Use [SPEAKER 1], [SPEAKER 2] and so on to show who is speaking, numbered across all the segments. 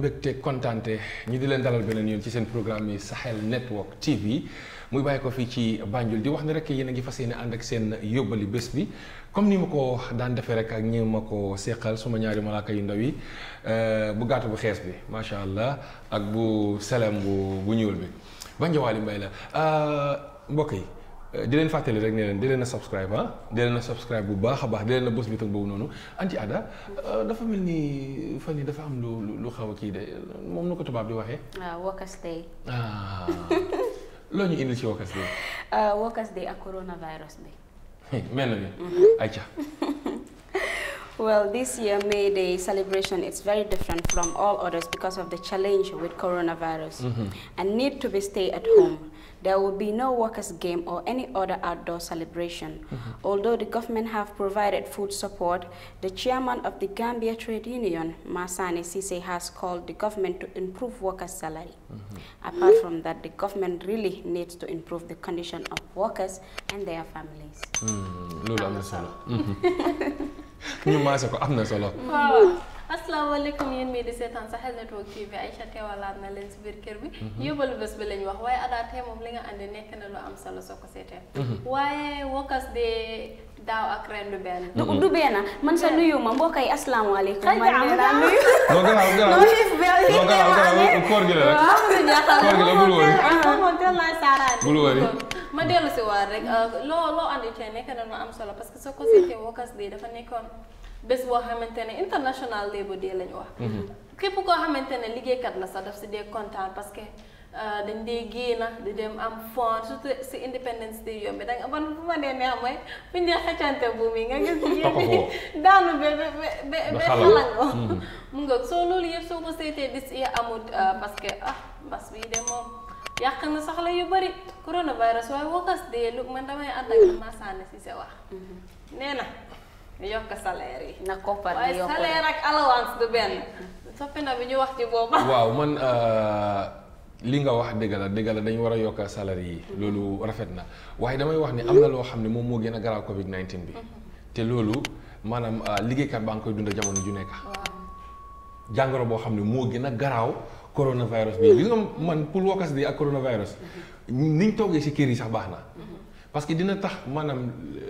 [SPEAKER 1] mbégte kontante ñi di leen dalal beneen yoon ci seen programme yi Sahel Network TV muy bàyyi ko fii ci bànjul di wax ne rek yéen a ngi fas yéene ànd ak seen yóbbali bés bi comme ni ma ko daan defee rek ak ñi ma ko seqal suma ñaari malaaka yu ndaw yi euh, bu gàtt bu xees bi macha allah ak bu selem bu bu ñuul bi Banjawaali Mbay la euh, mbokk yi. Euh, di leen fàttali rek ne leen di leen a subscribe ah di leen a subscribe bu baax a baax di leen a bës bi tam boobu noonu anti ada euh, dafa mel ni fan yi dafa am lu lu xaw a kii de moom na ko tubaab di waxee.
[SPEAKER 2] waaw ah, Workers Day.
[SPEAKER 1] Ah. loo ñu indil ci Workers Day.
[SPEAKER 2] Ah, Workers Day ak coronavirus bi.
[SPEAKER 1] mel na ni. Mhm. ayca.
[SPEAKER 2] Well, this year May Day celebration is very different from all others because of the challenge with coronavirus mm -hmm. and need to be stay at home. There will be no workers' game or any other outdoor celebration. Mm -hmm. Although the government have provided food support, the chairman of the Gambia Trade Union, Masani Sise, has called the government to improve workers' salary. Mm -hmm. Apart from that, the government really needs to improve the condition of workers and their families.
[SPEAKER 1] Mm, ñu maase ko am na solo.
[SPEAKER 3] waaw asalaamaaleykum yéen mii di seetaan Sahel Network TV Aïcha teewalaat na leen si biir kër bi. Mhm. yóbbalu bés bi lañ wax waaye Ada tey moom li nga nekk na lu am solo soo ko seetee. Mhm. waaye Workers Day daaw ak ren du benn. Mhm.
[SPEAKER 2] man sa nuyu ma mbokk yi asalaamaaleykum. xëy na am naa nuyu.
[SPEAKER 1] non garaaw garaaw non garaaw garaaw koor gi la rek. koor gi la bul wëri.
[SPEAKER 3] ma dellu si waat rek eh, loo loo andi tey nekk na lu am solo parce que soo ko seetee workers day dafa nekkoon bés boo xamante ne international labour day lañ wax képp koo xamante ne liggéeykat la sax daf si dee kontaan parce que dañ dee génn di dem am fond surtout si independence day oh. mhm. iya, yomb eh, ah, bi danga man bu ma dee neex mooy fu ñu dee xëccante buum nga gis yéen daanu ba ba ba ba mu nga loolu yëpp soo ko seetee dis amut parce que ah mbas bii de moom yàq na soxla yu bari coronavirus waaye wakas dee lu man damay ànd ak ma sànni si sa wax nee na yokk salaire yi na koppar waaye salaire ak allowance du benn soppi na bi wax ci booba waaw
[SPEAKER 1] man eh, li nga wax dëgg la dëgg la dañu war a salaire yi loolu rafet na waaye damay wax ni am na loo xam ne moom moo covid 19 bi te loolu maanaam eh, liggéeykat baa nga koy dund jamono ju nekk jàngoro boo xam ne moo gën coronavirus bi gis nga man pour wakkas di ak coronavirus ni ñu toogee si kër yi sax baax na parce dina tax maanaam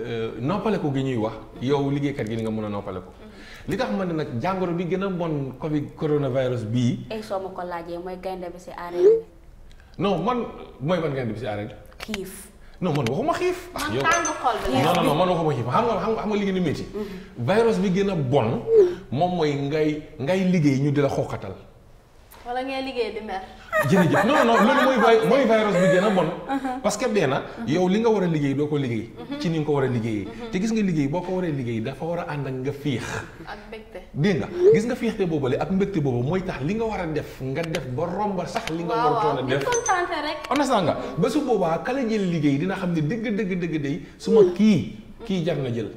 [SPEAKER 1] euh, noppale gi ñuy wax yow liggéeykat gi di nga mën a noppale li tax ma ne nag jàngoro bi gën a bon covid coronavirus bii.
[SPEAKER 2] ay soo ma mooy bi si arène.
[SPEAKER 1] non man mooy ban gaynde bi si arène. xiif. non man waxuma xiif. yow non non man waxuma xiif xam nga xam nga liggéey ni métti. Mm-hmm. virus bi a bon moom mooy ngay ngay liggéey ñu di la xoqatal.
[SPEAKER 3] wala ngay liggéey di mer.
[SPEAKER 1] jërëjëf non non loolu mooy mooy virus bi gën a bon. parce que benn yow li nga war a liggéey doo ko liggéey. ci ni nga ko war a liggéeyee. te gis nga liggéey boo ko war a liggéey dafa war a ànd nga fiix. ak mbégte dégg nga gis nga fiixte boobale ak mbégte boobu mooy tax li nga war a def nga def ba romba sax li nga war a toon a def waaw nga ba su boobaa kala jël liggéey dina xam ne dëgg dëgg dëgg day su ma kii kii jar na jël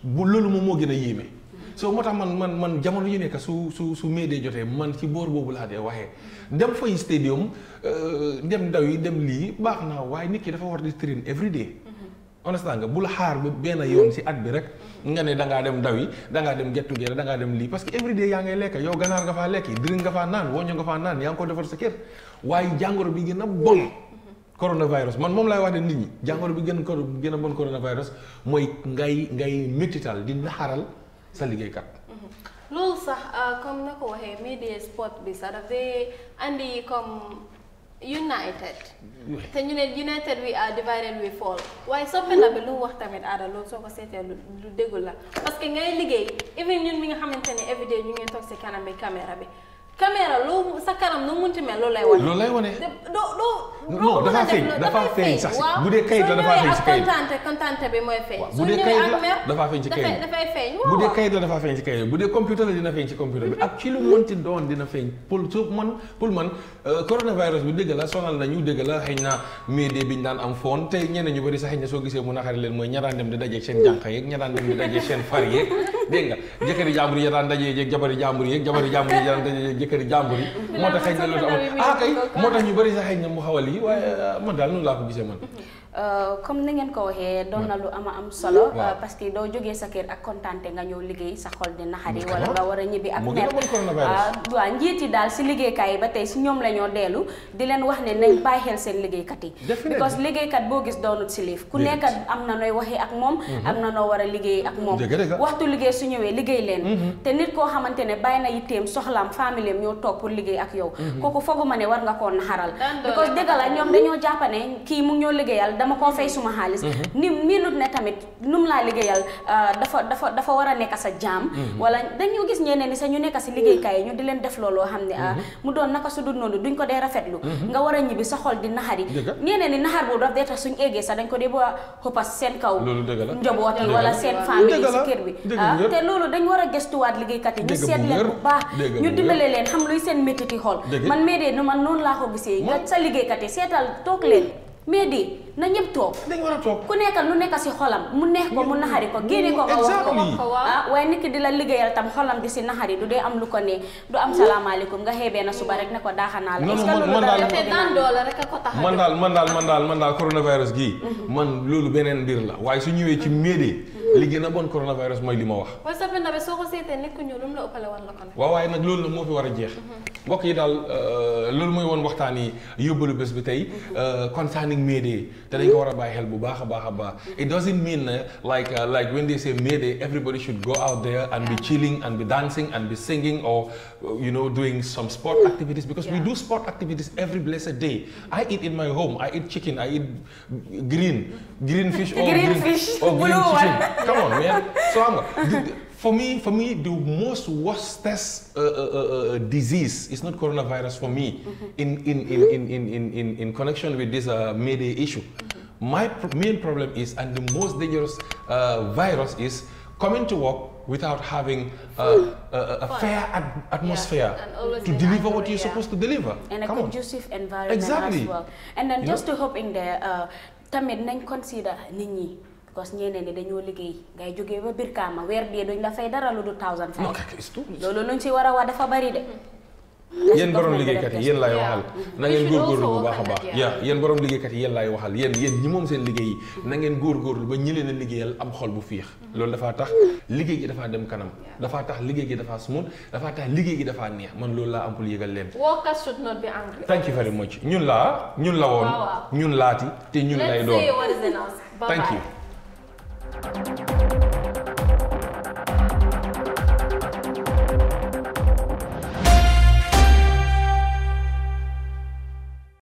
[SPEAKER 1] bu loolu moom moo gën a yéeme. so motax man man man jamono yu nek su su su meedee joté man ci bor bobu la dé waxé dem fay stadium eh, dem daw yi dem li baxna way nit ki dafa war di train every day mhm. understand nga bul xaar ba benn yoon si at bi rek mhm. nga ne da ngaa dem daw yi da ngaa dem gettu gere da ngaa dem parce que every day yaa ngay lekk yow ganaar nga faa lekk drink nga faa naan woñño nga faa naan yaa ngi ko defar sa kër waaye jàngoro bi gën bon mhm. coronavirus man mom laay wax ne nit ñi jàngoro bi gën bon coronavirus mooy ngay ngay métital di naxaral sa liggéeykat.
[SPEAKER 3] Mhm. loolu sax euh, comme na ko waxee media sport bi sax dafay andi comme united. te ñu ne united we are divided we fall waaye soppe na bi lu wax tamit aada loolu soo ko seetee lu déggu la parce que ngay liggéey even ñun mi nga xamante ne everyday ñu ngi toog si kanam bi caméra bi. caméra lu sa kanam nu munti mel loolu lay wane. loolu lay wane. doo doo. non dafa feeñ dafa feeñ sax si bu dee kayit la dafa feeñ si kayit. kontante kontante bi mooy bu dee kayit la dafa feeñ
[SPEAKER 1] si kayit bu dee computer la dina feeñ si computer bi ak ci lu mënti doon dina feeñ pour su man pour man euh, coronavirus bi dëgg la sonal na ñu dëgg la xëy na média bi ñu daan am foon te ñeneen ñu bëri sax xëy na soo gisee mu naxari leen mooy ña dem di dajeeg seen jànq yeeg ña daan dem di seen dégg nga jëkkëri jàmbur yi daan dajee yeeg jabari jàmbur yeeg jabari jàmbur yi daan dajee yeeg jëkkëri jàmbur yi moo tax xëy na loolu amul ah kay moo tax ñu bëri sa xëy na mu xawal yi waaye ah, man daal noonu laa ko gisee man
[SPEAKER 2] Euh, comme ni ngeen ko waxee doon na lu ama am solo. Euh, parce que doo jógee sa kër ak kontaante nga ñëw liggéey sa xol di naxari. wala nga war a ñibbi ak mer ah, waaw daal si liggéeykaay yi ba tey si ñoom la ñoo dellu di leen wax ne nañ bàyyi xel seen liggéeykat yi. because liggéeykat boo gis doonut si liif ku nekk am na nooy waxee ak moom. Mm-hmm. am na noo war a liggéey ak moom. waxtu liggéey su ñëwee liggéey leen. Mm-hmm. te nit koo xamante ne bàyyi na yitteem soxlaam famille am ñoo toog pour liggéey ak yow. Mm-hmm. kooku fooguma ne war nga koo naxaral. because dëgg la ñoom dañoo jàpp kii mu ñoo liggéeyal dama koo fay suma xaalis mhm. ni minute ne tamit num laa liggéeyal euh, dafa dafa dafa war a nekk sa jaam mhm. wala dañu gis ñeneen ni sax ñu nekk si liggéeykaay yi ñu di leen def looloo xam ne ah, mhm. mu doon naka su dul noonu duñ ko dee nga war a ñibbi sa xol di naxari ñeneen ni naxar boobu daf dee tax suñ eggee sax ko dee boo xëppas seen kaw ah, loolu dañ war a gëstuwaat liggéeykat yi ñu seet leen bu baax ñu dimbale leen xam luy seen métti ci xol man mee dee man noonu laa ko gisee sa liggéeykat yi seetal toog leen mais di na ñëpp toog. dañ a ku nekk lu nekk si xolam mu neex ko mu naxari ko génne ko. ko wax ah, waaye nit di la liggéeyal tam xolam di si naxari du dee am lu ko ne du am salaamaaleykum nga xeebee na suba rek ne ko daaxanaa la. est-ce
[SPEAKER 1] que loolu daal
[SPEAKER 2] daan doole a ko tax man
[SPEAKER 1] daal man daal man daal man daal coronavirus gii. Mm-hmm. man loolu beneen mbir la waaye su ñëwee ci médee. Mm-hmm. li gën a bon coronavirus mooy li ma wax.
[SPEAKER 3] waaw soo ko seetee nekk
[SPEAKER 1] waaye nag loolu nag moo fi war a jeex mm-hmm. mbokk yi daal euh, loolu mooy woon waxtaan yi yóbbalu bés bi tey mm-hmm. euh, concerning May Day ko war a bàyyi xel bu baax a baax a baax it doesn't mean uh, like uh, like when they say May everybody should go out there and be chilling and be dancing and be singing or uh, you know doing some sport mm-hmm. activities because yeah. we do sport activities every blessed day I eat in my home I eat chicken I eat green green fish or green, green fish or green chicken come on man so xam nga For me, for me, the most worstest uh, uh, uh, uh, uh disease is not coronavirus for me mm -hmm. in, in, in, in, in, in, in, in, connection with this uh, Mayday issue. Mm -hmm. My main problem is, and the most dangerous uh, virus is coming to work without having a, a, a fair ad atmosphere yeah. to deliver what you're supposed to deliver.
[SPEAKER 2] And a Come conducive on. environment exactly. as well. And then you just know? to hop in there, uh, tamid not consider nit kos ñeneen ni dañoo liggéey ngay joggé ba biir kaama weer dee duñ la fay dara lu du thousand five. non kak luñ ci wara wa dafa bari de.
[SPEAKER 1] Mm-hmm. yeen borom liggéeykat kat yeen lay waxal na ngeen góorgóorlu bu baaxa baax ya yeen borom liggéeykat kat yeen lay waxal yeen yeen ñi mom seen liggéey na ngeen góorgóorlu ba ñëlé na a liggéeyal am xol bu fiix mm-hmm. lolu dafa tax liggéey gi dafa dem kanam dafa tax liggéey gi dafa smooth dafa tax liggéey gi dafa neex man lolu la am pour yegal leen
[SPEAKER 3] workers should not be angry thank you
[SPEAKER 1] very much ñun la ñun la won ñun laati te ñun lay doon thank you Thank you.